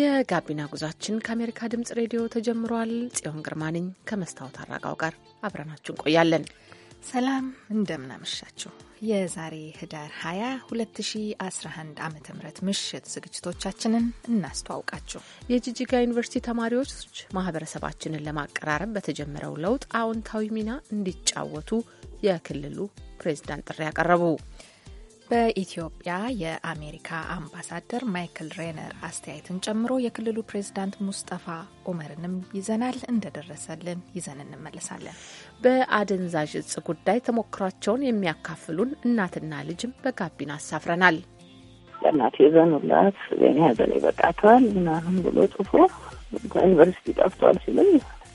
የጋቢና ጉዟችን ከአሜሪካ ድምጽ ሬዲዮ ተጀምሯል። ጽዮን ግርማ ነኝ ከመስታወት አራጋው ጋር አብረናችሁ እንቆያለን። ሰላም እንደምናመሻችሁ። የዛሬ ህዳር 20 2011 ዓ ም ምሽት ዝግጅቶቻችንን እናስተዋውቃችሁ። የጂጂጋ ዩኒቨርሲቲ ተማሪዎች ማህበረሰባችንን ለማቀራረብ በተጀመረው ለውጥ አዎንታዊ ሚና እንዲጫወቱ የክልሉ ፕሬዝዳንት ጥሪ ያቀረቡ በኢትዮጵያ የአሜሪካ አምባሳደር ማይክል ሬነር አስተያየትን ጨምሮ የክልሉ ፕሬዚዳንት ሙስጠፋ ኦመርንም ይዘናል። እንደደረሰልን ይዘን እንመለሳለን። በአደንዛዥ እጽ ጉዳይ ተሞክሯቸውን የሚያካፍሉን እናትና ልጅም በጋቢና አሳፍረናል። ለእናቴ ዘኑላት የኔ ሀዘን ይበቃታል ምናምን ብሎ ጽፎ ከዩኒቨርሲቲ ጠፍቷል ሲልም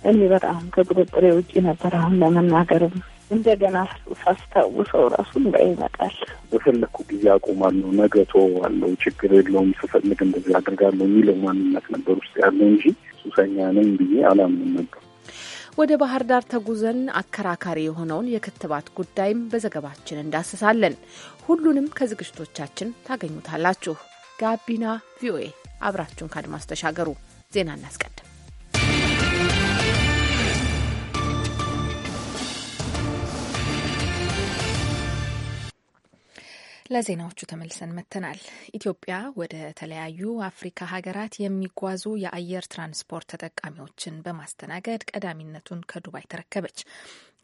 እኔ በጣም ከቁጥጥሬ ውጭ ነበር አሁን ለመናገርም እንደገና ሳስታውሰው ራሱ እንባ ይመጣል። በፈለግኩ ጊዜ አቆማለሁ፣ ነገ ተወዋለሁ፣ ችግር የለውም፣ ስፈልግ እንደዚህ አድርጋለሁ የሚለው ማንነት ነበር ውስጥ ያለ እንጂ ሱሰኛ ነኝ ብዬ አላምንም ነበር። ወደ ባህር ዳር ተጉዘን አከራካሪ የሆነውን የክትባት ጉዳይም በዘገባችን እንዳስሳለን። ሁሉንም ከዝግጅቶቻችን ታገኙታላችሁ። ጋቢና ቪኦኤ አብራችሁን ካድማስ ተሻገሩ። ዜና እናስቀድም። ለዜናዎቹ ተመልሰን መጥተናል። ኢትዮጵያ ወደ ተለያዩ አፍሪካ ሀገራት የሚጓዙ የአየር ትራንስፖርት ተጠቃሚዎችን በማስተናገድ ቀዳሚነቱን ከዱባይ ተረከበች።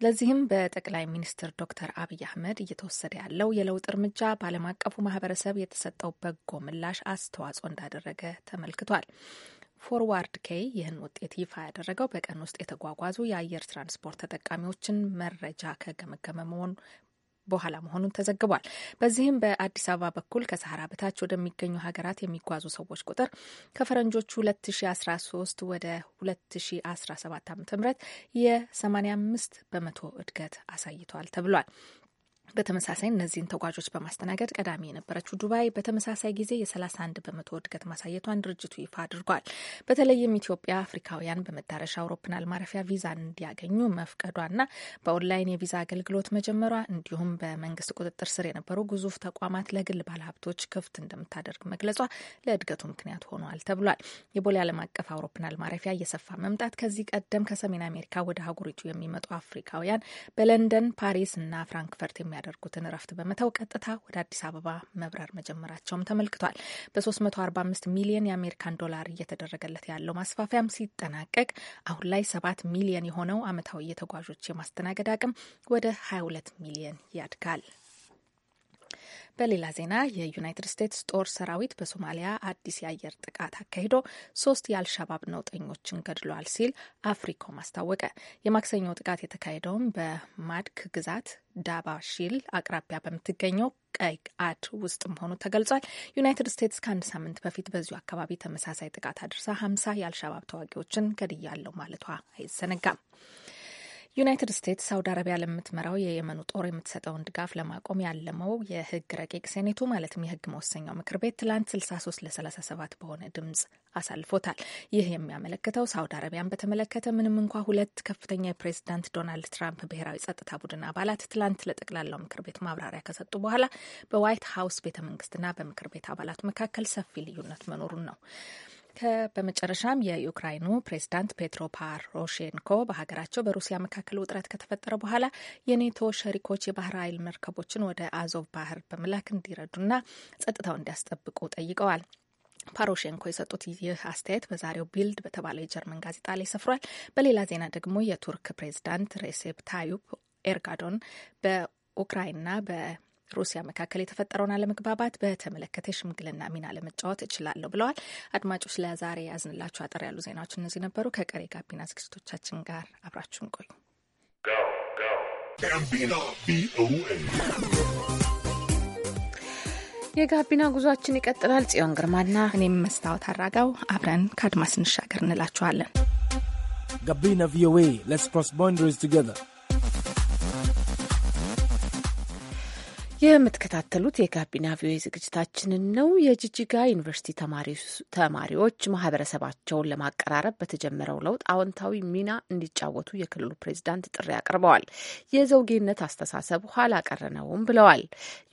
ለዚህም በጠቅላይ ሚኒስትር ዶክተር አብይ አህመድ እየተወሰደ ያለው የለውጥ እርምጃ በዓለም አቀፉ ማህበረሰብ የተሰጠው በጎ ምላሽ አስተዋጽኦ እንዳደረገ ተመልክቷል። ፎርዋርድ ኬይ ይህን ውጤት ይፋ ያደረገው በቀን ውስጥ የተጓጓዙ የአየር ትራንስፖርት ተጠቃሚዎችን መረጃ ከገመገመ መሆኑ በኋላ መሆኑን ተዘግቧል። በዚህም በአዲስ አበባ በኩል ከሰሐራ በታች ወደሚገኙ ሀገራት የሚጓዙ ሰዎች ቁጥር ከፈረንጆቹ 2013 ወደ 2017 ዓ ም የ85 በመቶ እድገት አሳይቷል ተብሏል። በተመሳሳይ እነዚህን ተጓዦች በማስተናገድ ቀዳሚ የነበረችው ዱባይ በተመሳሳይ ጊዜ የ31 በመቶ እድገት ማሳየቷን ድርጅቱ ይፋ አድርጓል። በተለይም ኢትዮጵያ አፍሪካውያን በመዳረሻ አውሮፕላን ማረፊያ ቪዛ እንዲያገኙ መፍቀዷና በኦንላይን የቪዛ አገልግሎት መጀመሯ እንዲሁም በመንግስት ቁጥጥር ስር የነበሩ ግዙፍ ተቋማት ለግል ባለሀብቶች ክፍት እንደምታደርግ መግለጿ ለእድገቱ ምክንያት ሆኗል ተብሏል። የቦሌ ዓለም አቀፍ አውሮፕላን ማረፊያ እየሰፋ መምጣት ከዚህ ቀደም ከሰሜን አሜሪካ ወደ አህጉሪቱ የሚመጡ አፍሪካውያን በለንደን፣ ፓሪስ እና ፍራንክፈርት የሚያደርጉትን እረፍት በመተው ቀጥታ ወደ አዲስ አበባ መብረር መጀመራቸውም ተመልክቷል። በ345 ሚሊዮን የአሜሪካን ዶላር እየተደረገለት ያለው ማስፋፊያም ሲጠናቀቅ አሁን ላይ 7 ሚሊዮን የሆነው ዓመታዊ የተጓዦች የማስተናገድ አቅም ወደ 22 ሚሊዮን ያድጋል። በሌላ ዜና የዩናይትድ ስቴትስ ጦር ሰራዊት በሶማሊያ አዲስ የአየር ጥቃት አካሂዶ ሶስት የአልሻባብ ነውጠኞችን ገድሏል ሲል አፍሪኮም አስታወቀ። የማክሰኞው ጥቃት የተካሄደውም በማድክ ግዛት ዳባ ሺል አቅራቢያ በምትገኘው ቀይ አድ ውስጥ መሆኑ ተገልጿል። ዩናይትድ ስቴትስ ከአንድ ሳምንት በፊት በዚሁ አካባቢ ተመሳሳይ ጥቃት አድርሳ ሀምሳ የአልሻባብ ተዋጊዎችን ገድያለው ማለቷ አይዘነጋም። ዩናይትድ ስቴትስ ሳውዲ አረቢያ ለምትመራው የየመኑ ጦር የምትሰጠውን ድጋፍ ለማቆም ያለመው የህግ ረቂቅ ሴኔቱ ማለትም የህግ መወሰኛው ምክር ቤት ትላንት 63 ለ37 በሆነ ድምጽ አሳልፎታል። ይህ የሚያመለክተው ሳውዲ አረቢያን በተመለከተ ምንም እንኳ ሁለት ከፍተኛ የፕሬዚዳንት ዶናልድ ትራምፕ ብሔራዊ ጸጥታ ቡድን አባላት ትላንት ለጠቅላላው ምክር ቤት ማብራሪያ ከሰጡ በኋላ በዋይት ሀውስ ቤተ መንግስትና በምክር ቤት አባላት መካከል ሰፊ ልዩነት መኖሩን ነው። በመጨረሻም የዩክራይኑ ፕሬዚዳንት ፔትሮ ፖሮሼንኮ በሀገራቸው በሩሲያ መካከል ውጥረት ከተፈጠረ በኋላ የኔቶ ሸሪኮች የባህር ኃይል መርከቦችን ወደ አዞቭ ባህር በመላክ እንዲረዱና ጸጥታው እንዲያስጠብቁ ጠይቀዋል። ፓሮሼንኮ የሰጡት ይህ አስተያየት በዛሬው ቢልድ በተባለው የጀርመን ጋዜጣ ላይ ሰፍሯል። በሌላ ዜና ደግሞ የቱርክ ፕሬዚዳንት ሬሴፕ ታዩፕ ኤርጋዶን በኡክራይንና በ ሩሲያ መካከል የተፈጠረውን አለመግባባት በተመለከተ ሽምግልና ሚና ለመጫወት እችላለሁ ብለዋል። አድማጮች ለዛሬ ያዝንላችሁ አጠር ያሉ ዜናዎች እነዚህ ነበሩ። ከቀሪ ጋቢና ዝግጅቶቻችን ጋር አብራችሁን ቆዩ። የጋቢና ጉዟችን ይቀጥላል። ጽዮን ግርማና እኔም መስታወት አራጋው አብረን ከአድማስ እንሻገር እንላችኋለን። ጋቢና ቪኦኤ ሌትስ ክሮስ ቦንደሪስ ቱጌዘር የምትከታተሉት የጋቢና ቪኦኤ ዝግጅታችንን ነው። የጂጂጋ ዩኒቨርሲቲ ተማሪዎች ማህበረሰባቸውን ለማቀራረብ በተጀመረው ለውጥ አዎንታዊ ሚና እንዲጫወቱ የክልሉ ፕሬዚዳንት ጥሪ አቅርበዋል። የዘውጌነት አስተሳሰብ ኋላ ቀረነውም ነውም ብለዋል።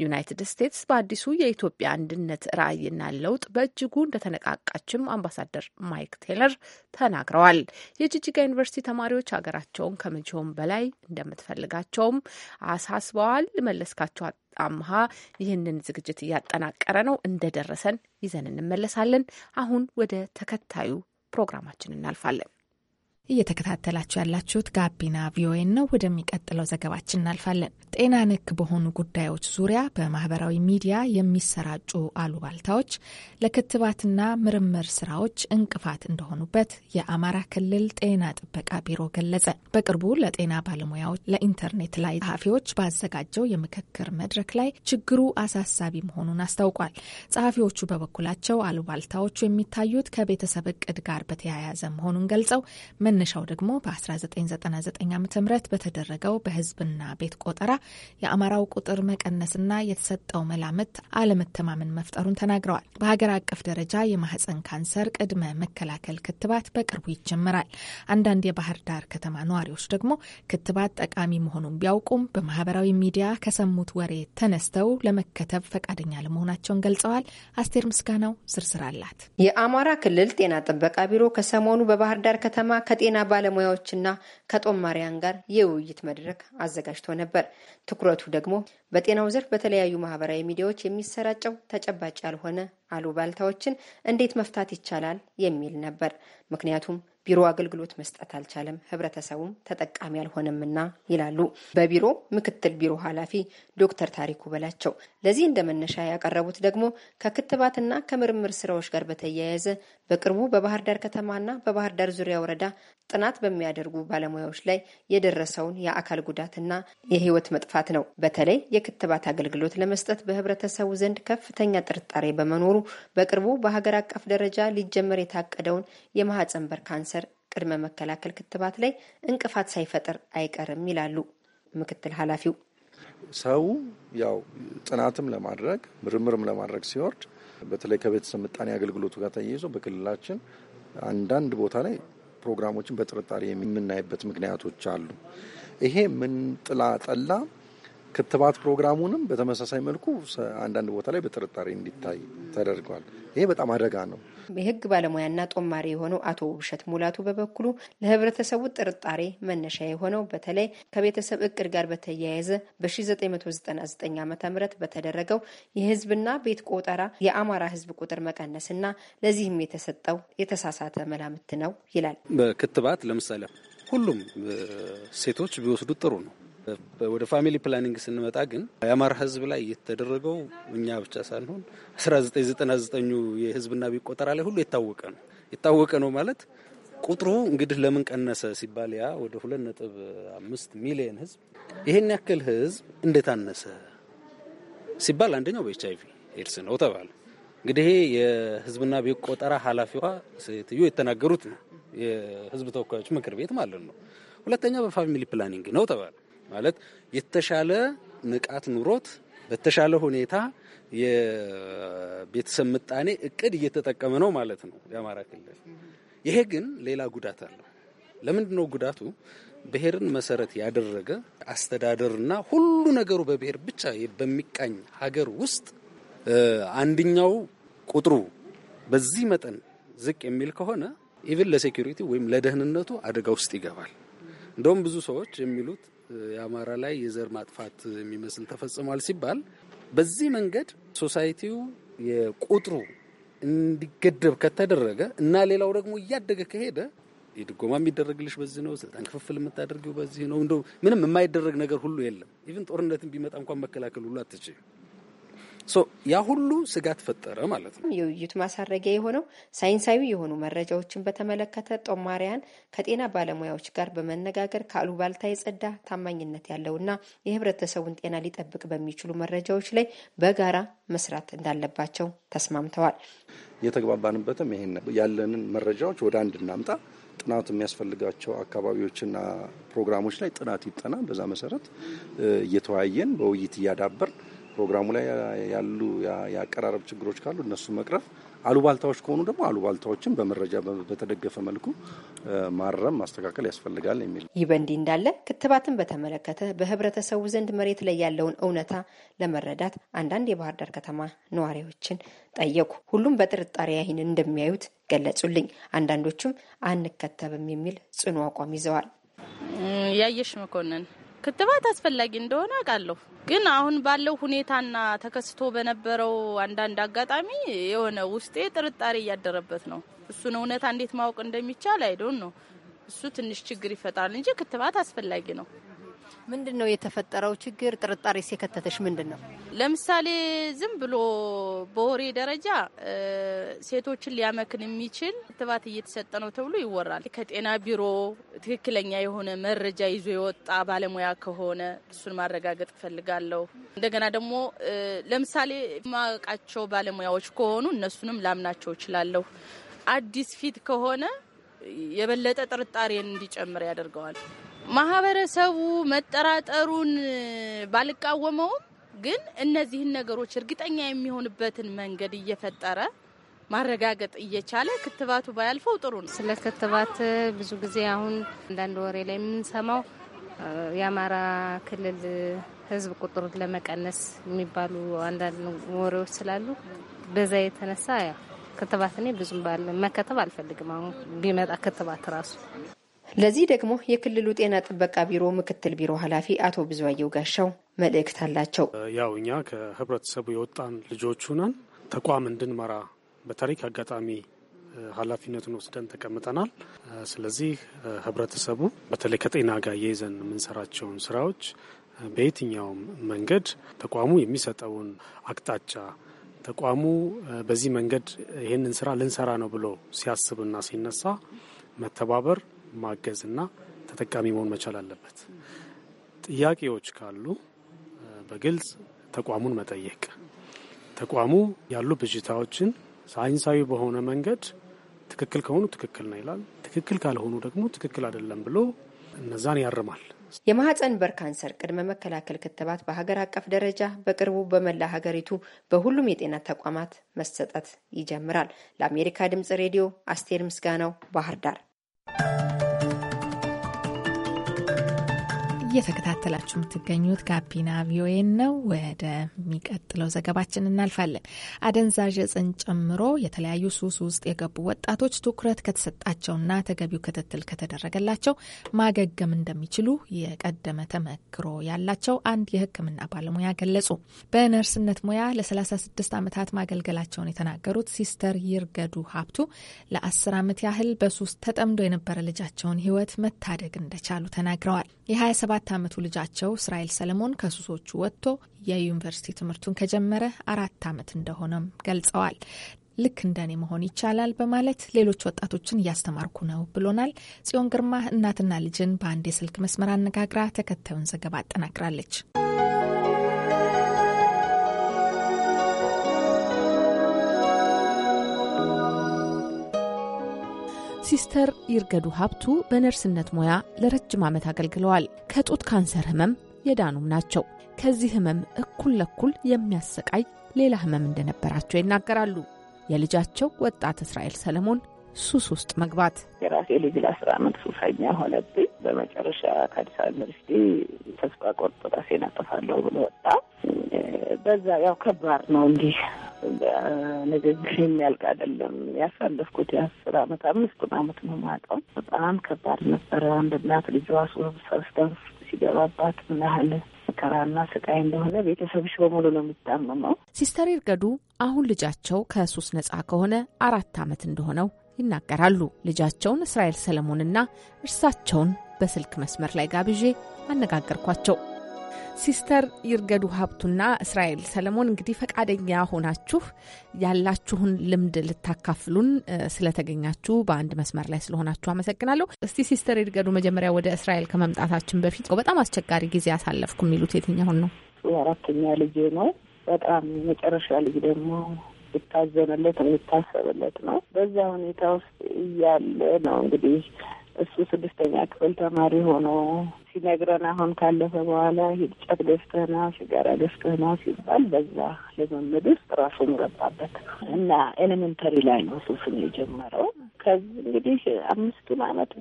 ዩናይትድ ስቴትስ በአዲሱ የኢትዮጵያ አንድነት ራዕይና ለውጥ በእጅጉ እንደተነቃቃችም አምባሳደር ማይክ ቴለር ተናግረዋል። የጂጂጋ ዩኒቨርሲቲ ተማሪዎች ሀገራቸውን ከመቼውም በላይ እንደምትፈልጋቸውም አሳስበዋል። መለስካቸው አምሃ ይህንን ዝግጅት እያጠናቀረ ነው። እንደደረሰን ይዘን እንመለሳለን። አሁን ወደ ተከታዩ ፕሮግራማችን እናልፋለን። እየተከታተላችሁ ያላችሁት ጋቢና ቪኦኤን ነው። ወደሚቀጥለው ዘገባችን እናልፋለን። ጤና ነክ በሆኑ ጉዳዮች ዙሪያ በማህበራዊ ሚዲያ የሚሰራጩ አሉባልታዎች ለክትባትና ምርምር ስራዎች እንቅፋት እንደሆኑበት የአማራ ክልል ጤና ጥበቃ ቢሮ ገለጸ። በቅርቡ ለጤና ባለሙያዎች ለኢንተርኔት ላይ ጸሐፊዎች ባዘጋጀው የምክክር መድረክ ላይ ችግሩ አሳሳቢ መሆኑን አስታውቋል። ጸሐፊዎቹ በበኩላቸው አሉባልታዎቹ የሚታዩት ከቤተሰብ እቅድ ጋር በተያያዘ መሆኑን ገልጸው መነሻው ደግሞ በ1999 ዓ ም በተደረገው በህዝብና ቤት ቆጠራ የአማራው ቁጥር መቀነስና የተሰጠው መላምት አለመተማመን መፍጠሩን ተናግረዋል። በሀገር አቀፍ ደረጃ የማህፀን ካንሰር ቅድመ መከላከል ክትባት በቅርቡ ይጀምራል። አንዳንድ የባህር ዳር ከተማ ነዋሪዎች ደግሞ ክትባት ጠቃሚ መሆኑን ቢያውቁም በማህበራዊ ሚዲያ ከሰሙት ወሬ ተነስተው ለመከተብ ፈቃደኛ ለመሆናቸውን ገልጸዋል። አስቴር ምስጋናው ዝርዝር አላት። የአማራ ክልል ጤና ጥበቃ ቢሮ ከሰሞኑ በባህር ዳር ከተማ ከጤና ባለሙያዎችና ከጦማሪያን ጋር የውይይት መድረክ አዘጋጅቶ ነበር። ትኩረቱ ደግሞ በጤናው ዘርፍ በተለያዩ ማህበራዊ ሚዲያዎች የሚሰራጨው ተጨባጭ ያልሆነ አሉባልታዎችን እንዴት መፍታት ይቻላል የሚል ነበር። ምክንያቱም ቢሮ አገልግሎት መስጠት አልቻለም፣ ህብረተሰቡም ተጠቃሚ አልሆነምና ይላሉ በቢሮ ምክትል ቢሮ ኃላፊ ዶክተር ታሪኩ በላቸው። ለዚህ እንደ መነሻ ያቀረቡት ደግሞ ከክትባትና ከምርምር ስራዎች ጋር በተያያዘ በቅርቡ በባህር ዳር ከተማና በባህር ዳር ዙሪያ ወረዳ ጥናት በሚያደርጉ ባለሙያዎች ላይ የደረሰውን የአካል ጉዳትና የህይወት መጥፋት ነው። በተለይ የክትባት አገልግሎት ለመስጠት በህብረተሰቡ ዘንድ ከፍተኛ ጥርጣሬ በመኖሩ በቅርቡ በሀገር አቀፍ ደረጃ ሊጀመር የታቀደውን የማህፀን በር ካንሰር ቅድመ መከላከል ክትባት ላይ እንቅፋት ሳይፈጥር አይቀርም ይላሉ ምክትል ኃላፊው። ሰው ያው ጥናትም ለማድረግ ምርምርም ለማድረግ ሲወርድ በተለይ ከቤተሰብ ምጣኔ አገልግሎቱ ጋር ተያይዞ በክልላችን አንዳንድ ቦታ ላይ ፕሮግራሞችን በጥርጣሬ የምናይበት ምክንያቶች አሉ። ይሄ ምን ጥላ ጠላ ክትባት ፕሮግራሙንም በተመሳሳይ መልኩ አንዳንድ ቦታ ላይ በጥርጣሬ እንዲታይ ተደርጓል። ይሄ በጣም አደጋ ነው። የህግ ባለሙያና ጦማሪ የሆነው አቶ ውብሸት ሙላቱ በበኩሉ ለህብረተሰቡ ጥርጣሬ መነሻ የሆነው በተለይ ከቤተሰብ እቅድ ጋር በተያያዘ በ1999 ዓ ም በተደረገው የህዝብና ቤት ቆጠራ የአማራ ህዝብ ቁጥር መቀነስና ለዚህም የተሰጠው የተሳሳተ መላምት ነው ይላል። በክትባት ለምሳሌ ሁሉም ሴቶች ቢወስዱ ጥሩ ነው። ወደ ፋሚሊ ፕላኒንግ ስንመጣ ግን የአማራ ህዝብ ላይ የተደረገው እኛ ብቻ ሳንሆን 1999ኙ የህዝብና ቢቆጠራ ላይ ሁሉ የታወቀ ነው። የታወቀ ነው ማለት ቁጥሩ እንግዲህ ለምን ቀነሰ ሲባል ያ ወደ 2.5 ሚሊዮን ህዝብ ይሄን ያክል ህዝብ እንዴት አነሰ ሲባል አንደኛው በኤች አይቪ ኤድስ ነው ተባለ። እንግዲህ ይሄ የህዝብና ቤት ቆጠራ ኃላፊዋ ሴትዮ የተናገሩት ነው፣ የህዝብ ተወካዮች ምክር ቤት ማለት ነው። ሁለተኛ በፋሚሊ ፕላኒንግ ነው ተባለ። ማለት የተሻለ ንቃት ኑሮት በተሻለ ሁኔታ የቤተሰብ ምጣኔ እቅድ እየተጠቀመ ነው ማለት ነው የአማራ ክልል። ይሄ ግን ሌላ ጉዳት አለው። ለምንድን ነው ጉዳቱ? ብሔርን መሰረት ያደረገ አስተዳደርና ሁሉ ነገሩ በብሔር ብቻ በሚቃኝ ሀገር ውስጥ አንድኛው ቁጥሩ በዚህ መጠን ዝቅ የሚል ከሆነ ኢቭን ለሴኩሪቲ ወይም ለደህንነቱ አደጋ ውስጥ ይገባል። እንደውም ብዙ ሰዎች የሚሉት የአማራ ላይ የዘር ማጥፋት የሚመስል ተፈጽሟል ሲባል በዚህ መንገድ ሶሳይቲው የቁጥሩ እንዲገደብ ከተደረገ እና ሌላው ደግሞ እያደገ ከሄደ የድጎማ የሚደረግልሽ በዚህ ነው፣ ስልጣን ክፍፍል የምታደርጊው በዚህ ነው። እንደው ምንም የማይደረግ ነገር ሁሉ የለም። ኢቭን ጦርነትን ቢመጣ እንኳን መከላከል ሁሉ አትችይም። ያ ሁሉ ስጋት ፈጠረ ማለት ነው። የውይይቱ ማሳረጊያ የሆነው ሳይንሳዊ የሆኑ መረጃዎችን በተመለከተ ጦማሪያን ከጤና ባለሙያዎች ጋር በመነጋገር ከአሉባልታ የጸዳ ታማኝነት ያለውና የህብረተሰቡን ጤና ሊጠብቅ በሚችሉ መረጃዎች ላይ በጋራ መስራት እንዳለባቸው ተስማምተዋል። የተግባባንበትም ይሄን ያለንን መረጃዎች ወደ አንድ እናምጣ፣ ጥናት የሚያስፈልጋቸው አካባቢዎችና ፕሮግራሞች ላይ ጥናት ይጠና፣ በዛ መሰረት እየተወያየን በውይይት እያዳበርን ፕሮግራሙ ላይ ያሉ የአቀራረብ ችግሮች ካሉ እነሱ መቅረፍ፣ አሉባልታዎች ከሆኑ ደግሞ አሉባልታዎችን በመረጃ በተደገፈ መልኩ ማረም ማስተካከል ያስፈልጋል የሚል ይህ በእንዲህ እንዳለ ክትባትን በተመለከተ በህብረተሰቡ ዘንድ መሬት ላይ ያለውን እውነታ ለመረዳት አንዳንድ የባህር ዳር ከተማ ነዋሪዎችን ጠየቁ። ሁሉም በጥርጣሬ አይን እንደሚያዩት ገለጹልኝ። አንዳንዶቹም አንከተብም የሚል ጽኑ አቋም ይዘዋል። ያየሽ መኮንን ክትባት አስፈላጊ እንደሆነ አውቃለሁ። ግን አሁን ባለው ሁኔታና ተከስቶ በነበረው አንዳንድ አጋጣሚ የሆነ ውስጤ ጥርጣሬ እያደረበት ነው። እሱን እውነታ እንዴት ማወቅ እንደሚቻል አይደን ነው። እሱ ትንሽ ችግር ይፈጥራል እንጂ ክትባት አስፈላጊ ነው። ምንድን ነው የተፈጠረው ችግር? ጥርጣሬ ሲከተተሽ ምንድን ነው? ለምሳሌ ዝም ብሎ በወሬ ደረጃ ሴቶችን ሊያመክን የሚችል ክትባት እየተሰጠ ነው ተብሎ ይወራል። ከጤና ቢሮ ትክክለኛ የሆነ መረጃ ይዞ የወጣ ባለሙያ ከሆነ እሱን ማረጋገጥ እፈልጋለሁ። እንደገና ደግሞ ለምሳሌ የማውቃቸው ባለሙያዎች ከሆኑ እነሱንም ላምናቸው እችላለሁ። አዲስ ፊት ከሆነ የበለጠ ጥርጣሬን እንዲጨምር ያደርገዋል። ማህበረሰቡ መጠራጠሩን ባልቃወመውም ግን እነዚህን ነገሮች እርግጠኛ የሚሆንበትን መንገድ እየፈጠረ ማረጋገጥ እየቻለ ክትባቱ ባያልፈው ጥሩ ነው። ስለ ክትባት ብዙ ጊዜ አሁን አንዳንድ ወሬ ላይ የምንሰማው የአማራ ክልል ሕዝብ ቁጥር ለመቀነስ የሚባሉ አንዳንድ ወሬዎች ስላሉ በዛ የተነሳ ክትባት እኔ ብዙም መከተብ አልፈልግም። አሁን ቢመጣ ክትባት ራሱ ለዚህ ደግሞ የክልሉ ጤና ጥበቃ ቢሮ ምክትል ቢሮ ኃላፊ አቶ ብዙአየው ጋሻው መልእክት አላቸው። ያው እኛ ከህብረተሰቡ የወጣን ልጆቹ ነን። ተቋም እንድንመራ በታሪክ አጋጣሚ ኃላፊነቱን ወስደን ተቀምጠናል። ስለዚህ ህብረተሰቡ በተለይ ከጤና ጋር የይዘን የምንሰራቸውን ስራዎች በየትኛውም መንገድ ተቋሙ የሚሰጠውን አቅጣጫ ተቋሙ በዚህ መንገድ ይህንን ስራ ልንሰራ ነው ብሎ ሲያስብና ሲነሳ መተባበር ማገዝ እና ተጠቃሚ መሆን መቻል አለበት። ጥያቄዎች ካሉ በግልጽ ተቋሙን መጠየቅ፣ ተቋሙ ያሉ ብዥታዎችን ሳይንሳዊ በሆነ መንገድ ትክክል ከሆኑ ትክክል ነው ይላል፣ ትክክል ካልሆኑ ደግሞ ትክክል አይደለም ብሎ እነዛን ያርማል። የማህፀን በር ካንሰር ቅድመ መከላከል ክትባት በሀገር አቀፍ ደረጃ በቅርቡ በመላ ሀገሪቱ በሁሉም የጤና ተቋማት መሰጠት ይጀምራል። ለአሜሪካ ድምጽ ሬዲዮ አስቴር ምስጋናው ባህር ዳር እየተከታተላችሁ የምትገኙት ጋቢና ቪኦኤን ነው። ወደሚቀጥለው ዘገባችን እናልፋለን። አደንዛዥ እጽን ጨምሮ የተለያዩ ሱስ ውስጥ የገቡ ወጣቶች ትኩረት ከተሰጣቸውና ተገቢው ክትትል ከተደረገላቸው ማገገም እንደሚችሉ የቀደመ ተመክሮ ያላቸው አንድ የሕክምና ባለሙያ ገለጹ። በነርስነት ሙያ ለ36 ዓመታት ማገልገላቸውን የተናገሩት ሲስተር ይርገዱ ሀብቱ ለ10 ዓመት ያህል በሱስ ተጠምዶ የነበረ ልጃቸውን ሕይወት መታደግ እንደቻሉ ተናግረዋል። የ27 የአራት ዓመቱ ልጃቸው እስራኤል ሰለሞን ከሱሶቹ ወጥቶ የዩኒቨርሲቲ ትምህርቱን ከጀመረ አራት ዓመት እንደሆነም ገልጸዋል። ልክ እንደኔ መሆን ይቻላል በማለት ሌሎች ወጣቶችን እያስተማርኩ ነው ብሎናል። ጽዮን ግርማ እናትና ልጅን በአንድ የስልክ መስመር አነጋግራ ተከታዩን ዘገባ አጠናቅራለች። ሲስተር ይርገዱ ሀብቱ በነርስነት ሙያ ለረጅም ዓመት አገልግለዋል። ከጡት ካንሰር ህመም የዳኑም ናቸው። ከዚህ ህመም እኩል ለኩል የሚያሰቃይ ሌላ ህመም እንደነበራቸው ይናገራሉ። የልጃቸው ወጣት እስራኤል ሰለሞን ሱስ ውስጥ መግባት የራሴ ልጅ ለአስራ አመት ሱሰኛ ሆነብኝ። በመጨረሻ ከአዲስ አበባ ዩኒቨርሲቲ ተስፋ ቆርጦ ራሴን አጠፋለሁ ብሎ ወጣ። በዛ ያው ከባድ ነው እንዲህ ንግግር የሚያልቅ አይደለም። ያሳለፍኩት የአስር አመት አምስቱን አመት ነው የማውቀው። በጣም ከባድ ነበረ። አንድ እናት ልጇ ሰብስተንስ ሲገባባት ምን ያህል መከራና ስቃይ እንደሆነ ቤተሰብሽ በሙሉ ነው የሚታመመው። ሲስተር ይርገዱ አሁን ልጃቸው ከሱስ ነጻ ከሆነ አራት አመት እንደሆነው ይናገራሉ። ልጃቸውን እስራኤል ሰለሞንና እርሳቸውን በስልክ መስመር ላይ ጋብዤ አነጋገርኳቸው። ሲስተር ይርገዱ ሀብቱና እስራኤል ሰለሞን እንግዲህ ፈቃደኛ ሆናችሁ ያላችሁን ልምድ ልታካፍሉን ስለተገኛችሁ በአንድ መስመር ላይ ስለሆናችሁ አመሰግናለሁ። እስቲ ሲስተር ይርገዱ መጀመሪያ ወደ እስራኤል ከመምጣታችን በፊት በጣም አስቸጋሪ ጊዜ አሳለፍኩ የሚሉት የትኛውን ነው? አራተኛ ልጄ ነው። በጣም የመጨረሻ ልጅ ደግሞ ሊታዘንለት የሚታሰብለት ነው። በዛ ሁኔታ ውስጥ እያለ ነው እንግዲህ እሱ ስድስተኛ ክፍል ተማሪ ሆኖ ሲነግረን አሁን ካለፈ በኋላ ሂድጨት ገዝተህና ሲጋራ ገዝተህና ሲባል በዛ ልምምድ ውስጥ ራሱን ገባበት እና ኤሌመንተሪ ላይ ነው ሱስን የጀመረው። ከዚህ እንግዲህ አምስቱን አመት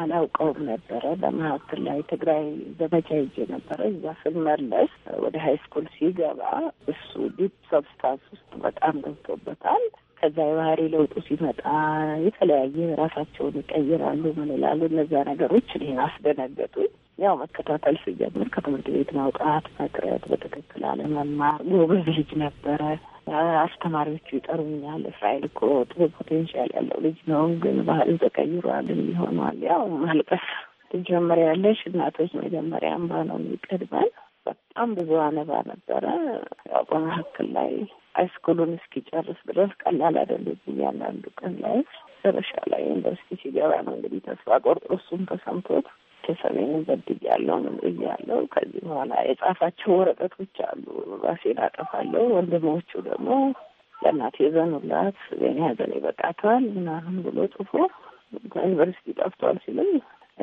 አላውቀውም ነበረ። በመካከል ላይ ትግራይ ዘመቻ ሄጄ ነበረ። እዛ ስንመለስ ወደ ሀይ ስኩል ሲገባ እሱ ዲፕ ሰብስታንስ ውስጥ በጣም ገብቶበታል። ከዛ የባህሪ ለውጡ ሲመጣ የተለያየ ራሳቸውን ይቀይራሉ። ምን ይላሉ? እነዛ ነገሮች እኔን አስደነገጡኝ። ያው መከታተል ስጀምር ከትምህርት ቤት መውጣት፣ መቅረት፣ በትክክል አለመማር። ጎበዝ ልጅ ነበረ። አስተማሪዎቹ ይጠሩኛል። እስራኤል እኮ ጥሩ ፖቴንሻል ያለው ልጅ ነው፣ ግን ባህሪው ተቀይሯል ይሆኗል። ያው ማልቀስ ትጀምሪያለሽ። እናቶች መጀመሪያ እንባ ነው የሚቀድመን። በጣም ብዙ አነባ ነበረ። ያው በመካከል ላይ ሃይስኩሉን እስኪጨርስ ድረስ ቀላል አይደለብኝ። እያንዳንዱ ቀን ላይ መጨረሻ ላይ ዩኒቨርሲቲ ሲገባ ነው እንግዲህ ተስፋ ቆርጦ እሱም ተሰምቶት ቤተሰቤንም ያለው ምን ብያለሁ። ከዚህ በኋላ የጻፋቸው ወረቀቶች አሉ። ራሴን አጠፋለሁ። ወንድሞቹ ደግሞ ለእናቴ ዘኑላት፣ የኔ ሀዘን ይበቃተዋል ምናምን ብሎ ጽፎ ከዩኒቨርሲቲ ጠፍቷል ሲልም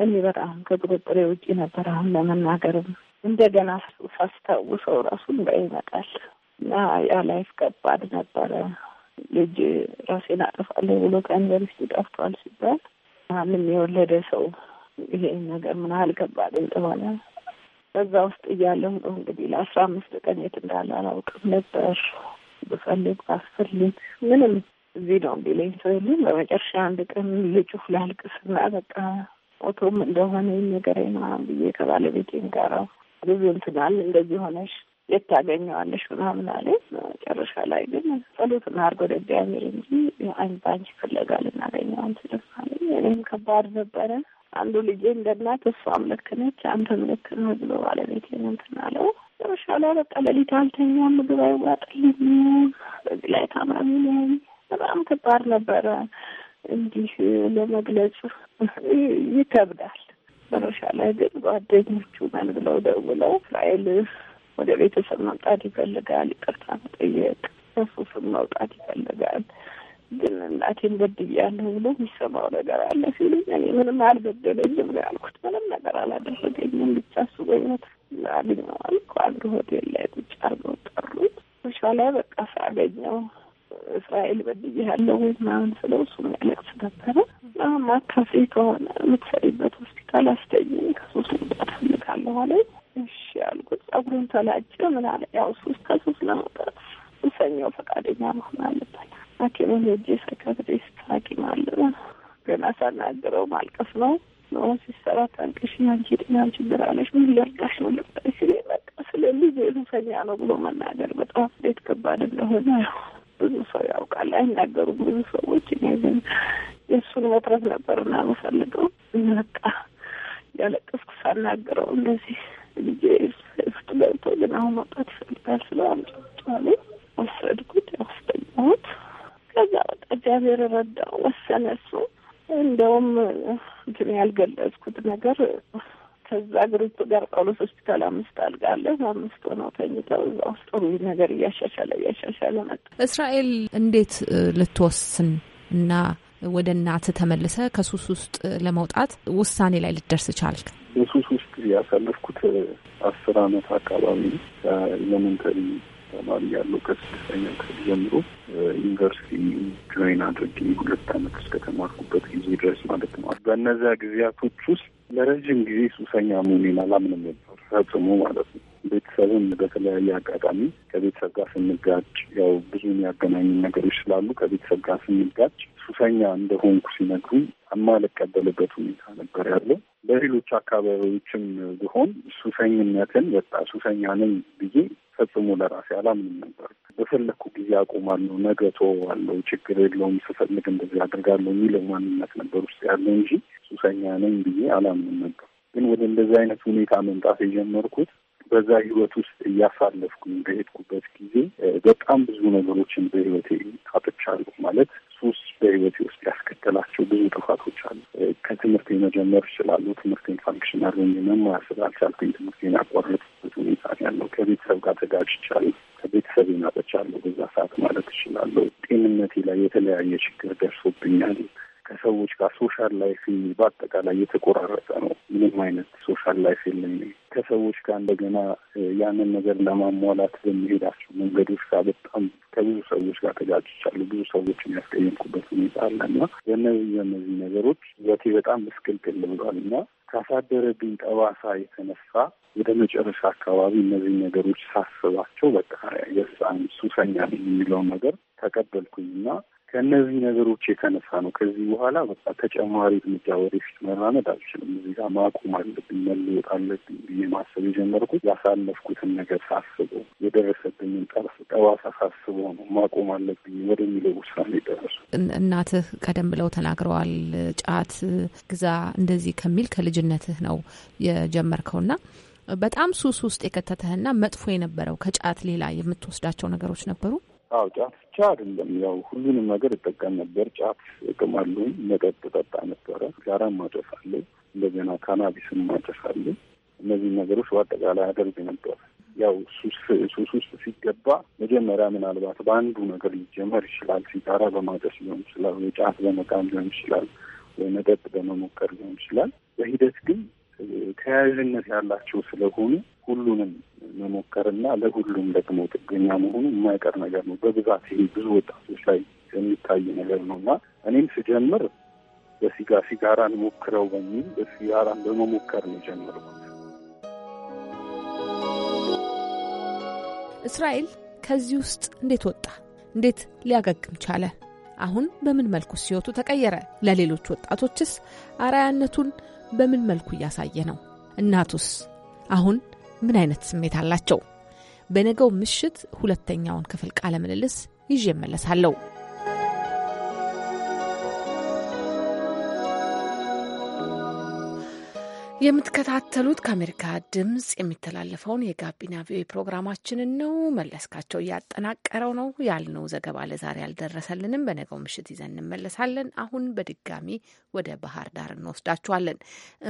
እኔ በጣም ከቁጥጥር ውጪ ነበር። አሁን ለመናገርም እንደገና ሳስታውሰው ራሱ እንባ ይመጣል። እና ያ ላይፍ ከባድ ነበረ። ልጅ ራሴን አጠፋለሁ ብሎ ከዩኒቨርሲቲ ጠፍቷል ሲባል ማንም የወለደ ሰው ይሄ ነገር ምን ያህል ከባድ እንደሆነ በዛ ውስጥ እያለሁ ነው እንግዲህ ለአስራ አምስት ቀን የት እንዳለ አላውቅም ነበር። ብፈልግ አስፈልግ ምንም እዚህ ነው ቢለኝ ሰው የለም። በመጨረሻ አንድ ቀን ልጩፍ ላልቅስና በቃ ሞቶም እንደሆነ ነገር ና ብዬ ከባለቤቴም ጋር ብዙ እንትናል እንደዚህ ሆነሽ የት ታገኘዋለሽ ምናምን አለኝ። መጨረሻ ላይ ግን ጸሎት እናድርግ ወደ እግዚአብሔር እንጂ አይን ባንቺ ፍለጋ ልናገኘው አንችልም። እኔም ከባድ ነበረ። አንዱ ልጄ እንደ እናት እሷም ልክ ነች፣ አንተም ልክ ነህ ብሎ ባለቤት እንትን አለው። መጨረሻ ላይ በቃ ሌሊት አልተኛም፣ ምግብ አይዋጥልኝ፣ በዚህ ላይ ታማሚ ነኝ። በጣም ከባድ ነበረ። እንዲህ ለመግለጽ ይከብዳል። መጨረሻ ላይ ግን ጓደኞቹ ማን ብለው ደውለው እስራኤል ወደ ቤተሰብ መምጣት ይፈልጋል፣ ይቅርታ መጠየቅ፣ ሱስም መውጣት ይፈልጋል። ግን እናቴን በድያለሁ ብሎ የሚሰማው ነገር አለ ሲሉኝ እኔ ምንም አልበደለኝም ነው ያልኩት። ምንም ነገር አላደረገኝም። ብቻ እሱ በእውነት አግኘዋል እኮ አንድ ሆቴል ላይ ቁጭ አድርገው ጠሩት። ብቻ ላይ በቃ ሳገኘው እስራኤል በድያለሁ ወይ ምናምን ስለው እሱ ያለቅስ ነበረ። ማካፌ ከሆነ የምትሰሪበት ሆስፒታል አስተኝ ከሶስት መውጣት ፈልጋለሁ አለኝ። እሺ ያልኩት ጸጉሩን ተላጭ ምናለ ያው ሱስ ከሱስ ለመውጣት ሰኞ ፈቃደኛ መሆን አለበት። ሐኪሙን ሄጄ ሳይካትሪስት ሐኪም አለ ገና ሳናግረው ማልቀስ ነው ነው ሲሰራ ታንቅሽ አንቺ ጤና ችግር አለሽ ምን ሊያርጋሽ ነው ልበል ሲል በቃ ስለ ልጅ ሱሰኛ ነው ብሎ መናገር በጣም እንዴት ከባድ እንደሆነ ብዙ ሰው ያውቃል። አይናገሩም ብዙ ሰዎች። እኔ ግን የእሱን መትረፍ ነበርና እና መፈልገው በቃ ያለቀስኩ ሳናግረው እንደዚህ ልጄ ገብቶ ግን አሁን መውጣት ይፈልጋል ስለ ወሰድኩት፣ ያስጠኛሁት። ከዛ በቃ እግዚአብሔር ረዳው፣ ወሰነ እሱ። እንደውም እንትን ያልገለጽኩት ነገር ከዛ ግሩፕ ጋር ጳውሎስ ሆስፒታል አምስት አልጋ አለ። አምስት ሆነው ተኝተው እዛ ውስጥ ጥሩ ነገር እያሻሻለ እያሻሻለ መጣ። እስራኤል እንዴት ልትወስን እና ወደ እናት ተመልሰ ከሱስ ውስጥ ለመውጣት ውሳኔ ላይ ልትደርስ ቻልክ? የሱስ ያሳለፍኩት አስር አመት አካባቢ ኤሌመንተሪ ተማሪ ያለው ከስድስተኛ ክፍል ጀምሮ ዩኒቨርሲቲ ጆይን አድርጌ ሁለት አመት እስከተማርኩበት ጊዜ ድረስ ማለት ነው። በእነዚያ ጊዜያቶች ውስጥ ለረዥም ጊዜ ሱሰኛ መሆኔን አላምንም ነበር። ፈጽሞ ማለት ነው። ቤተሰብን በተለያየ አጋጣሚ ከቤተሰብ ጋር ስንጋጭ ያው ብዙ የሚያገናኙ ነገሮች ስላሉ ከቤተሰብ ጋር ስንጋጭ ሱሰኛ እንደሆንኩ ሲነግሩኝ የማልቀበልበት ሁኔታ ነበር ያለው። በሌሎች አካባቢዎችም ቢሆን ሱሰኝነትን በቃ ሱሰኛ ነኝ ብዬ ፈጽሞ ለራሴ አላምንም ነበር። በፈለግኩ ጊዜ አቆማለሁ፣ ነገ እተወዋለሁ፣ ችግር የለውም፣ ስፈልግ እንደዚህ አድርጋለሁ የሚለው ማንነት ነበር ውስጥ ያለው እንጂ ሱሰኛ ነኝ ብዬ አላምንም ነበር። ግን ወደ እንደዚህ አይነት ሁኔታ መምጣት የጀመርኩት በዛ ህይወት ውስጥ እያሳለፍኩኝ በሄድኩበት ጊዜ በጣም ብዙ ነገሮችን በህይወቴ አጥቻለሁ። ማለት ሱስ በህይወቴ ውስጥ ያስከተላቸው ብዙ ጥፋቶች አሉ። ከትምህርቴ መጀመር እችላለሁ። ትምህርቴን ፋንክሽን ሆኜ መማር ስላልቻልኩኝ ትምህርቴን ያቋረጥኩበት ሁኔታ ያለው፣ ከቤተሰብ ጋር ተጋጭቻለሁ። ከቤተሰብ ናጠቻለሁ። በዛ ሰዓት ማለት እችላለሁ። ጤንነቴ ላይ የተለያየ ችግር ደርሶብኛል። ከሰዎች ጋር ሶሻል ላይፍ በአጠቃላይ የተቆራረጠ ነው። ምንም አይነት ሶሻል ላይፍ የለኝም። ከሰዎች ጋር እንደገና ያንን ነገር ለማሟላት በሚሄዳቸው መንገዶች ጋር በጣም ከብዙ ሰዎች ጋር ተጋጭቻለሁ። ብዙ ሰዎች የሚያስቀየምኩበት ሁኔታ አለ እና በእነዚህ በእነዚህ ነገሮች ሕይወቴ በጣም ምስቅልቅል ብሏል እና ካሳደረብኝ ጠባሳ የተነሳ ወደ መጨረሻ አካባቢ እነዚህ ነገሮች ሳስባቸው በቃ የሳን ሱሰኛ የሚለውን ነገር ተቀበልኩኝና ከእነዚህ ነገሮች የተነሳ ነው ከዚህ በኋላ በቃ ተጨማሪ እርምጃ ወደፊት መራመድ አልችልም፣ እዚህ ጋር ማቆም አለብኝ፣ መለወጥ አለብኝ ብዬ ማሰብ የጀመርኩት ያሳለፍኩትን ነገር ሳስበው የደረሰብኝን ጠርስ ጠባሳ ሳስበው ነው ማቆም አለብኝ ወደሚለው ውሳኔ ደረሱ። እናትህ ቀደም ብለው ተናግረዋል። ጫት ግዛ እንደዚህ ከሚል ከልጅነትህ ነው የጀመርከውና በጣም ሱስ ውስጥ የከተተህና መጥፎ የነበረው ከጫት ሌላ የምትወስዳቸው ነገሮች ነበሩ? አዎ ጫት ብቻ አይደለም። ያው ሁሉንም ነገር እጠቀም ነበር። ጫት እቅማሉ፣ መጠጥ ጠጣ ነበረ፣ ጋራ ማጨሳለሁ፣ እንደገና ካናቢስም ማጨሳለሁ። እነዚህ ነገሮች በአጠቃላይ አደርግ ነበር። ያው ሱስ ሱስ ውስጥ ሲገባ መጀመሪያ ምናልባት በአንዱ ነገር ሊጀመር ይችላል። ሲጋራ በማጨስ ሊሆን ይችላል፣ ወይ ጫት በመቃም ሊሆን ይችላል፣ ወይ መጠጥ በመሞከር ሊሆን ይችላል። በሂደት ግን ተያያዥነት ያላቸው ስለሆኑ ሁሉንም መሞከርና ለሁሉም ደግሞ ጥገኛ መሆኑ የማይቀር ነገር ነው። በብዛት ይሄ ብዙ ወጣቶች ላይ የሚታይ ነገር ነው እና እኔም ስጀምር በሲጋ ሲጋራን ሞክረው በሚል በሲጋራን በመሞከር ነው የጀመርኩት። እስራኤል ከዚህ ውስጥ እንዴት ወጣ? እንዴት ሊያገግም ቻለ? አሁን በምን መልኩ ሲወቱ ተቀየረ? ለሌሎች ወጣቶችስ አርአያነቱን በምን መልኩ እያሳየ ነው? እናቱስ አሁን ምን አይነት ስሜት አላቸው? በነገው ምሽት ሁለተኛውን ክፍል ቃለ ምልልስ ይዤ እመለሳለሁ። የምትከታተሉት ከአሜሪካ ድምፅ የሚተላለፈውን የጋቢና ቪኦኤ ፕሮግራማችንን ነው። መለስካቸው እያጠናቀረው ነው ያልነው ዘገባ ለዛሬ አልደረሰልንም። በነገው ምሽት ይዘን እንመለሳለን። አሁን በድጋሚ ወደ ባህር ዳር እንወስዳችኋለን።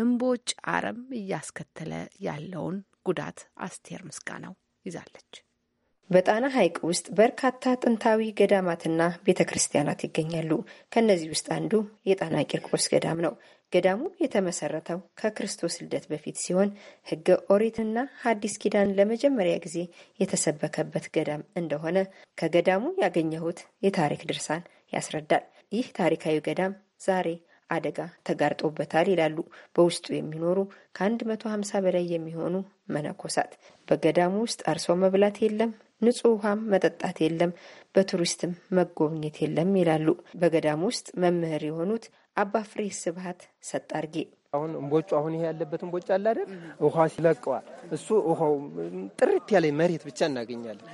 እምቦጭ አረም እያስከተለ ያለውን ጉዳት አስቴር ምስጋናው ይዛለች። በጣና ሐይቅ ውስጥ በርካታ ጥንታዊ ገዳማትና ቤተ ክርስቲያናት ይገኛሉ። ከእነዚህ ውስጥ አንዱ የጣና ቂርቆስ ገዳም ነው። ገዳሙ የተመሰረተው ከክርስቶስ ልደት በፊት ሲሆን ሕገ ኦሪትና ሐዲስ ኪዳን ለመጀመሪያ ጊዜ የተሰበከበት ገዳም እንደሆነ ከገዳሙ ያገኘሁት የታሪክ ድርሳን ያስረዳል። ይህ ታሪካዊ ገዳም ዛሬ አደጋ ተጋርጦበታል ይላሉ በውስጡ የሚኖሩ ከ150 በላይ የሚሆኑ መነኮሳት። በገዳሙ ውስጥ አርሶ መብላት የለም፣ ንጹህ ውሃም መጠጣት የለም፣ በቱሪስትም መጎብኘት የለም ይላሉ። በገዳሙ ውስጥ መምህር የሆኑት አባ ፍሬ ስብሀት ሰጣርጌ አሁን እንቦጩ አሁን ይሄ ያለበት እንቦጭ አለ አይደል? ውሃ ሲለቀዋል እሱ ውሃው ጥርት ያለ መሬት ብቻ እናገኛለን።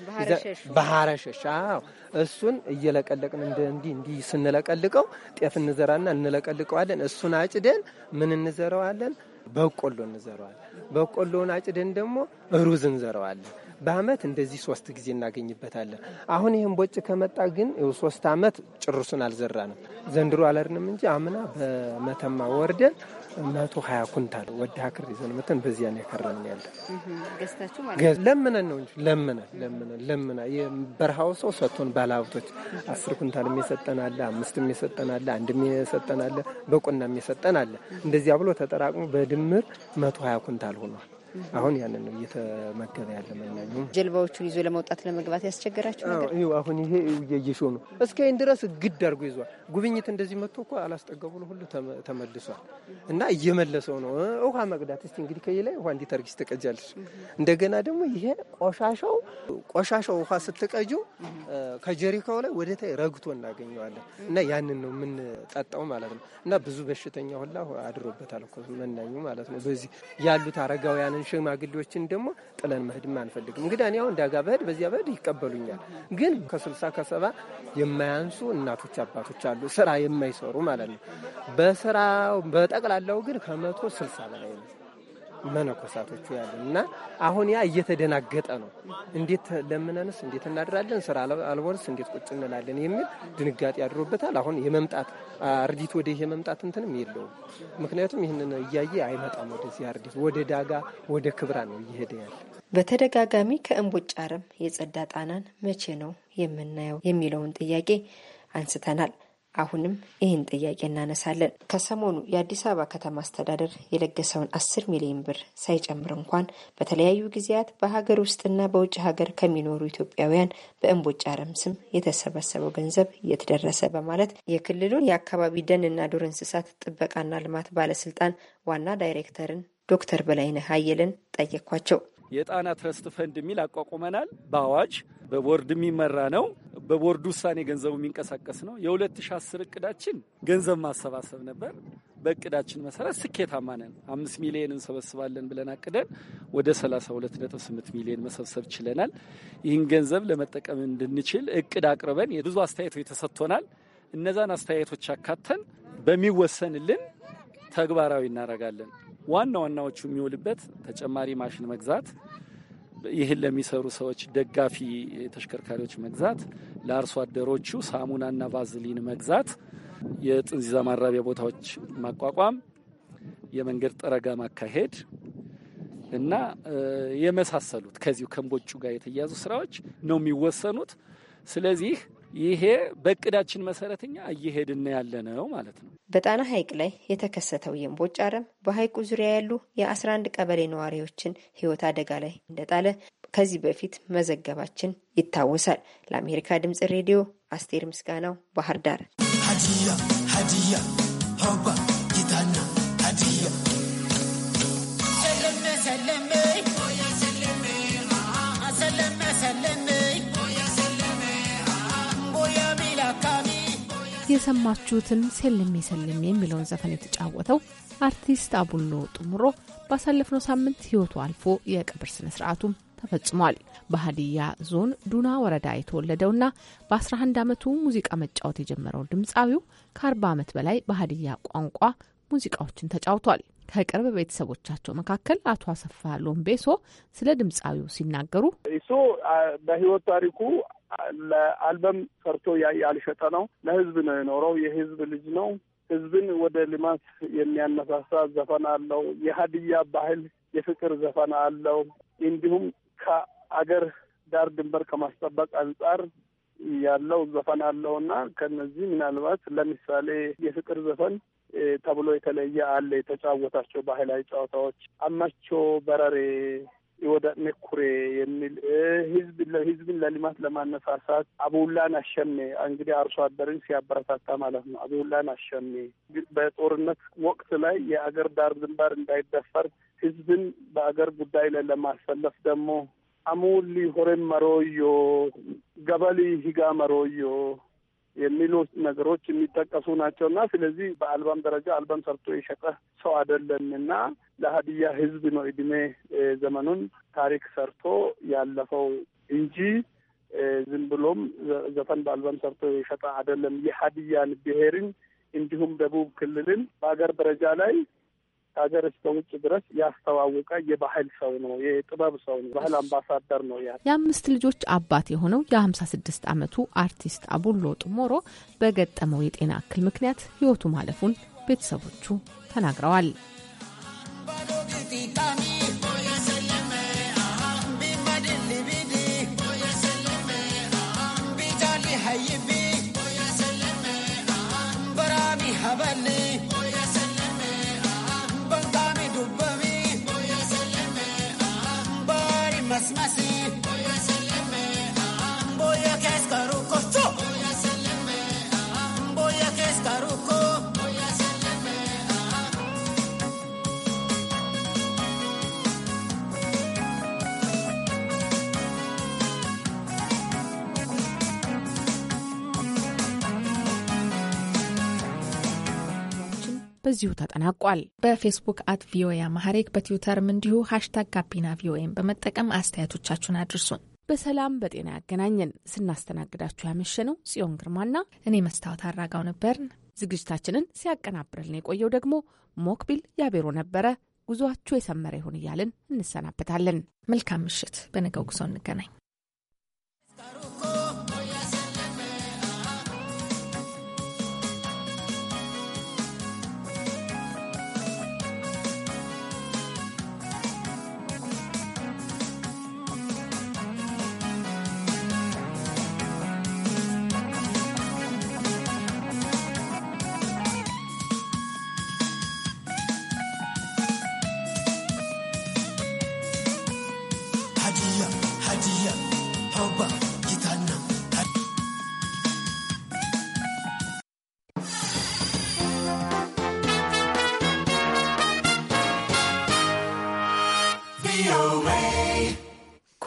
ባህረሸሽ አዎ፣ እሱን እየለቀለቅን እንዲ እንዲ ስንለቀልቀው ጤፍ እንዘራና እንለቀልቀዋለን። እሱን አጭደን ምን እንዘረዋለን? በቆሎ እንዘረዋለን። በቆሎውን አጭደን ደግሞ ሩዝ እንዘረዋለን። በአመት እንደዚህ ሶስት ጊዜ እናገኝበታለን። አሁን ይህን ቦጭ ከመጣ ግን ሶስት አመት ጭርሱን አልዘራንም። ዘንድሮ አለርንም እንጂ አምና በመተማ ወርደን መቶ ሀያ ኩንታል ወደ ሀክር ይዘን መተን በዚያ ያከረምን ያለ ለምነን ነው እንጂ ለምነን ለምነን ለምና የበረሃው ሰው ሰጥቶን ባለሀብቶች አስር ኩንታል የሚሰጠን አምስት የሚሰጠን አንድ የሚሰጠን አለ፣ በቁና የሚሰጠን እንደዚያ ብሎ ተጠራቅሞ በድምር መቶ ሀያ ኩንታል ሆኗል። አሁን ያንን ነው እየተመገበ ያለ መናኙ። ጀልባዎቹን ይዞ ለመውጣት ለመግባት ያስቸገራቸው ነገር ይኸው አሁን ይሄ እየየሾው ነው። እስካሁን ድረስ ግድ አድርጎ ይዟል። ጉብኝት እንደዚህ መጥቶ እኮ አላስጠገቡ ነው ሁሉ ተመልሷል። እና እየመለሰው ነው። ውሃ መቅዳት እስቲ እንግዲህ ከይ ላይ ውሃ እንዴት አድርጊስ ትቀጃለሽ? እንደገና ደግሞ ይሄ ቆሻሻው ቆሻሻው ውሃ ስትቀጁ ከጀሪካው ላይ ወደ ታይ ረግቶ እናገኘዋለን እና ያንን ነው የምንጠጣው ማለት ነው። እና ብዙ በሽተኛ ሁላ አድሮበታል መናኙ ማለት ነው። በዚህ ያሉት አረጋውያንን ያሉን ሽማግሌዎችን ደግሞ ጥለን መሄድም አንፈልግም። እንግዳ እኔ አሁን ዳጋ በህድ በዚያ በህድ ይቀበሉኛል። ግን ከስልሳ ከሰባ የማያንሱ እናቶች አባቶች አሉ ስራ የማይሰሩ ማለት ነው። በስራ በጠቅላላው ግን ከመቶ ስልሳ በላይ ነው። መነኮሳቶቹ ያለ እና አሁን ያ እየተደናገጠ ነው። እንዴት ለምነንስ እንዴት እናድራለን? ስራ አልቦንስ እንዴት ቁጭ እንላለን? የሚል ድንጋጤ ያድሮበታል። አሁን የመምጣት አርዲት ወደ የመምጣት መምጣት እንትንም የለውም። ምክንያቱም ይህንን እያየ አይመጣም ወደዚህ አርዲት፣ ወደ ዳጋ፣ ወደ ክብራ ነው እየሄደ ያለ። በተደጋጋሚ ከእምቦጭ አረም የጸዳ ጣናን መቼ ነው የምናየው የሚለውን ጥያቄ አንስተናል። አሁንም ይህን ጥያቄ እናነሳለን። ከሰሞኑ የአዲስ አበባ ከተማ አስተዳደር የለገሰውን አስር ሚሊዮን ብር ሳይጨምር እንኳን በተለያዩ ጊዜያት በሀገር ውስጥና በውጭ ሀገር ከሚኖሩ ኢትዮጵያውያን በእምቦጭ አረም ስም የተሰበሰበው ገንዘብ እየተደረሰ በማለት የክልሉን የአካባቢ ደንና ዱር እንስሳት ጥበቃና ልማት ባለስልጣን ዋና ዳይሬክተርን ዶክተር በላይነህ አየለን ጠየኳቸው። የጣና ትረስት ፈንድ የሚል አቋቁመናል። በአዋጅ በቦርድ የሚመራ ነው። በቦርድ ውሳኔ ገንዘቡ የሚንቀሳቀስ ነው። የ2010 እቅዳችን ገንዘብ ማሰባሰብ ነበር። በእቅዳችን መሰረት ስኬታማ ነን። አምስት ሚሊዮን እንሰበስባለን ብለን አቅደን ወደ 32.8 ሚሊዮን መሰብሰብ ችለናል። ይህን ገንዘብ ለመጠቀም እንድንችል እቅድ አቅርበን የብዙ አስተያየቶች ተሰጥቶናል። እነዛን አስተያየቶች አካተን በሚወሰንልን ተግባራዊ እናደርጋለን። ዋና ዋናዎቹ የሚውልበት ተጨማሪ ማሽን መግዛት፣ ይህን ለሚሰሩ ሰዎች ደጋፊ ተሽከርካሪዎች መግዛት፣ ለአርሶ አደሮቹ ሳሙናና ቫዝሊን መግዛት፣ የጥንዚዛ ማራቢያ ቦታዎች ማቋቋም፣ የመንገድ ጠረጋ ማካሄድ እና የመሳሰሉት ከዚሁ ከእምቦጩ ጋር የተያያዙ ስራዎች ነው የሚወሰኑት። ስለዚህ ይሄ በእቅዳችን መሰረተኛ እየሄድን ያለ ነው ማለት ነው። በጣና ሐይቅ ላይ የተከሰተው የእምቦጭ አረም በሐይቁ ዙሪያ ያሉ የ11 ቀበሌ ነዋሪዎችን ህይወት አደጋ ላይ እንደጣለ ከዚህ በፊት መዘገባችን ይታወሳል። ለአሜሪካ ድምጽ ሬዲዮ አስቴር ምስጋናው ባህር ዳር። የሰማችሁትን ሴልሜ ሰልሜ የሚለውን ዘፈን የተጫወተው አርቲስት አቡሎ ጥምሮ ባሳለፍነው ሳምንት ሕይወቱ አልፎ የቅብር ስነ ስርዓቱም ተፈጽሟል። በሀዲያ ዞን ዱና ወረዳ የተወለደውና በ11 ዓመቱ ሙዚቃ መጫወት የጀመረው ድምፃዊው ከ40 ዓመት በላይ በሀዲያ ቋንቋ ሙዚቃዎችን ተጫውቷል። ከቅርብ ቤተሰቦቻቸው መካከል አቶ አሰፋ ሎምቤሶ ስለ ድምፃዊው ሲናገሩ እሱ በህይወት ታሪኩ ለአልበም ሰርቶ ያልሸጠ ነው። ለህዝብ ነው የኖረው። የህዝብ ልጅ ነው። ህዝብን ወደ ልማት የሚያነሳሳ ዘፈን አለው። የሀዲያ ባህል የፍቅር ዘፈን አለው። እንዲሁም ከአገር ዳር ድንበር ከማስጠበቅ አንጻር ያለው ዘፈን አለው እና ከነዚህ ምናልባት ለምሳሌ የፍቅር ዘፈን ተብሎ የተለየ አለ። የተጫወታቸው ባህላዊ ጨዋታዎች አማቾ በረሬ ወደ ሜኩሬ የሚል ህዝብ ህዝብን ለልማት ለማነሳሳት አቡላን አሸሜ እንግዲህ አርሶ አደርን ሲያበረታታ ማለት ነው። አቡላን አሸሜ በጦርነት ወቅት ላይ የአገር ዳር ድንበር እንዳይደፈር ህዝብን በአገር ጉዳይ ላይ ለማሰለፍ ደግሞ አሙሊ ሆሬን መሮዮ ገበሊ ሂጋ መሮዮ የሚሉ ነገሮች የሚጠቀሱ ናቸው እና ስለዚህ በአልበም ደረጃ አልበም ሰርቶ የሸጠ ሰው አይደለም እና ለሀዲያ ህዝብ ነው እድሜ ዘመኑን ታሪክ ሰርቶ ያለፈው እንጂ ዝም ብሎም ዘፈን በአልበም ሰርቶ የሸጠ አይደለም። የሀዲያን ብሔርን እንዲሁም ደቡብ ክልልን በሀገር ደረጃ ላይ ከሀገር እስከ ውጭ ድረስ ያስተዋወቀ የባህል ሰው ነው። የጥበብ ሰው ነው። ባህል አምባሳደር ነው። ያ የአምስት ልጆች አባት የሆነው የሀምሳ ስድስት አመቱ አርቲስት አቡሎ ጥሞሮ በገጠመው የጤና እክል ምክንያት ህይወቱ ማለፉን ቤተሰቦቹ ተናግረዋል። በዚሁ ተጠናቋል። በፌስቡክ አት ቪኦኤ አማሐሬክ በትዊተርም እንዲሁ ሀሽታግ ጋቢና ቪኦኤም በመጠቀም አስተያየቶቻችሁን አድርሱን። በሰላም በጤና ያገናኘን። ስናስተናግዳችሁ ያመሸነው ጽዮን ግርማና እኔ መስታወት አራጋው ነበርን። ዝግጅታችንን ሲያቀናብርልን የቆየው ደግሞ ሞክቢል ያቤሮ ነበረ። ጉዟችሁ የሰመረ ይሁን እያልን እንሰናበታለን። መልካም ምሽት። በነገው ጉዞ እንገናኝ።